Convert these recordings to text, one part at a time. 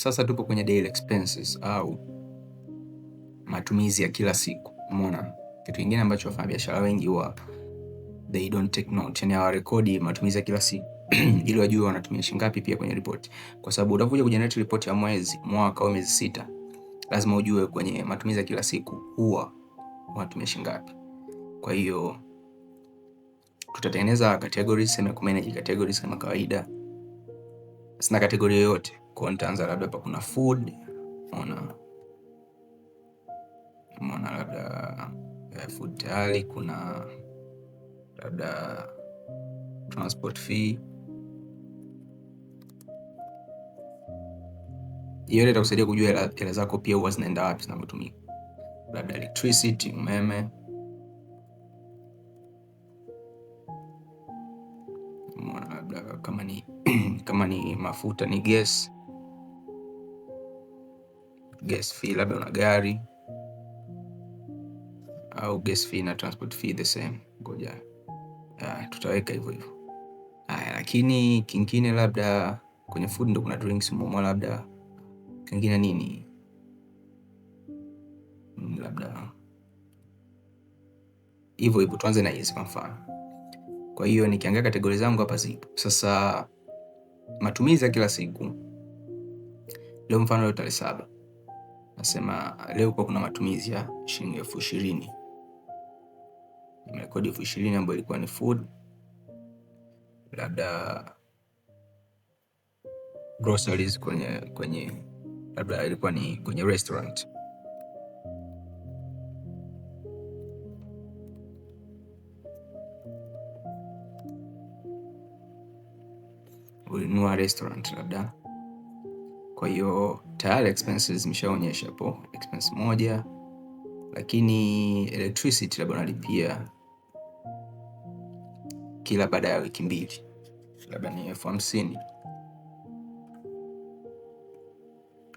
Sasa tupo kwenye daily expenses au matumizi ya kila siku. Umeona, kitu kingine ambacho wafanyabiashara wengi huwa they don't take note, yani hawarekodi matumizi ya kila siku ili wajue wanatumia shilingi ngapi, pia kwenye ripoti, kwa sababu unapokuja kujenerate ripoti ya mwezi, mwaka au miezi sita, lazima ujue kwenye matumizi ya kila siku huwa wanatumia shilingi ngapi. Kwa hiyo tutatengeneza categories, sema ku manage categories kama kawaida. Sina kategoria yoyote kwa nitaanza labda hapa kuna food, ona unaona labda eh, food tayari, kuna labda transport fee hiyo ile itakusaidia kujua hela zako pia huwa zinaenda wapi zinavyotumika, labda electricity, umeme. Umeona labda kama ni kama ni mafuta ni gas gas fee, labda una gari au gas fee na transport fee the same. Ngoja ah, tutaweka hivyo hivyo. Haya, lakini kingine labda kwenye food ndo kuna drinks mmoja, labda kingine nini, hmm, labda hivyo hivyo. Tuanze na hizi kwa mfano. Kwa hiyo nikiangalia kategori zangu hapa zipo. Sasa matumizi ya kila siku leo, mfano leo tarehe saba nasema leo kwa kuna matumizi ya shilingi elfu ishirini. Nimerekodi elfu ishirini ambayo ilikuwa ni food, labda groceries kwenye kwenye labda ilikuwa ni kwenye restaurant ulinua restaurant labda kwa hiyo tayari expenses zimeshaonyesha hapo expense moja, lakini electricity labda nalipia kila baada ya wiki mbili, labda ni elfu hamsini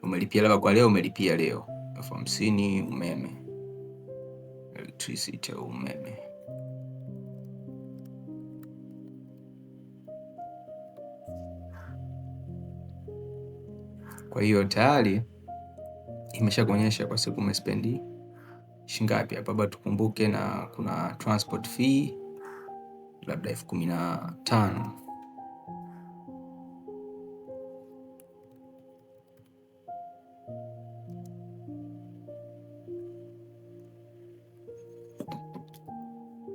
umelipia labda kwa leo, umelipia leo elfu hamsini umeme electricity au umeme Kwa hiyo tayari imesha kuonyesha kwa siku umespendi shingapi hapa. Bado tukumbuke na kuna transport fee labda elfu kumi na tano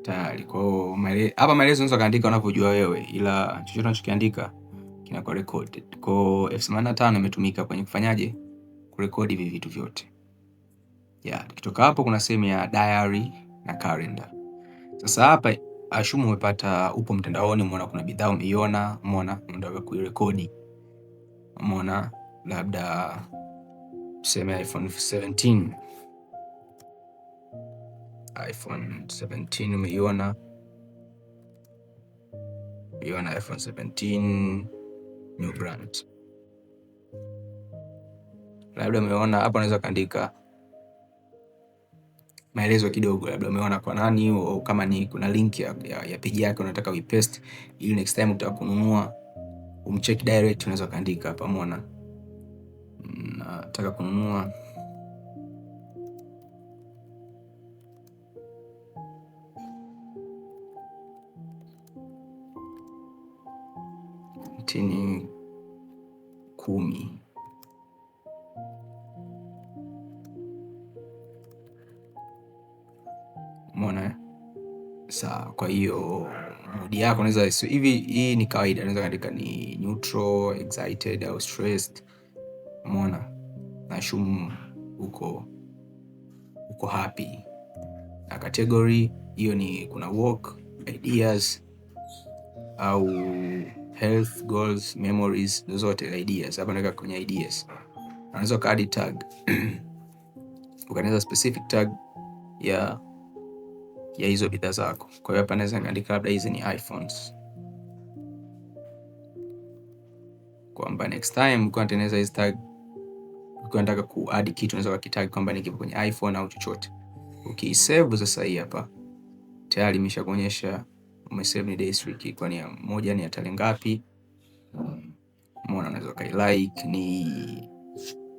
tayari. Kwa hiyo hapa maelezo unaweza kaandika unavyojua wewe, ila chochote unachokiandika kinakuwa recorded. Kwa hiyo elfu themanini na tano imetumika kwenye kufanyaje kurekodi hivi vitu vyote. Yeah, tukitoka hapo kuna sehemu ya diary na calendar. Sasa hapa ashumu umepata, upo mtandaoni, umeona kuna bidhaa umeiona, umeona unataka kuirekodi, umeona labda tuseme iPhone 17 iPhone 17 umeiona, umeiona iPhone 17 new brand. Labda umeona hapa, unaweza kaandika maelezo kidogo, labda umeona kwa nani, au kama ni kuna link ya, ya, ya page yake unataka uipaste, ili next time utaka kununua umcheck direct, unaweza kaandika hapa, umeona nataka kununua tini kumi. mona Sawa, kwa hiyo mudi yako unaweza hivi, hii ni kawaida, naweza kaandika ni neutral, excited au stressed. Umeona? Nashumu uko uko happy. Na category hiyo ni kuna work, ideas au health goals, memories, zote ideas. Hapa naweka kwenye ideas, unaweza ukaadi tag ukanaweza specific tag ya ya hizo bidhaa zako. Kwa hiyo hapa naweza nikaandika labda hizi ni iPhones, kwamba next time ukiwa unatengeneza hizi tag, ukiwa unataka kuadi kitu unaweza ukakitag kwamba nikipo kwenye iPhone au chochote. Ukiisave sasa, hii hapa tayari imeshakuonyesha umesave ni days wiki, kwani moja ni ya tarehe ngapi? Um, umeona, unaweza like Ni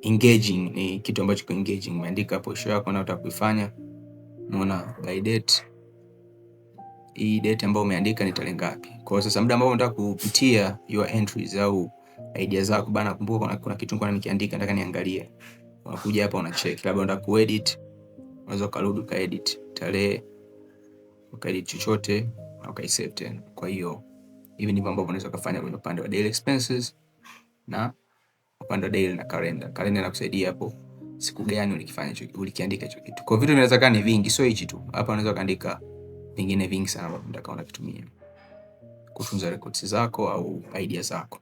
engaging, ni kitu ambacho kiko engaging. Umeandika hapo show yako na utaka kuifanya, by date hii date ambayo umeandika ni tarehe ngapi? Kwa hiyo sasa, muda ambao unataka kupitia your entries au idea zako bana, kumbuka kuna, kuna kitu nilikuwa nikiandika nataka niangalie. Unakuja hapa una check, labda unataka kuedit, unaweza ukarudi ukaedit tarehe ukaedit chochote na ukaisave tena. Kwa hiyo hivi ndivyo ambavyo unaweza kufanya kwenye upande wa daily expenses na upande wa daily na calendar. Calendar inakusaidia hapo siku gani ulikifanya hicho ulikiandika hicho kitu. Kwa vitu vinaweza kaa ni vingi, sio hichi tu. Hapa unaweza kaandika vingine vingi sana ambavyo mtakaona kutumia kutunza records zako au idea zako.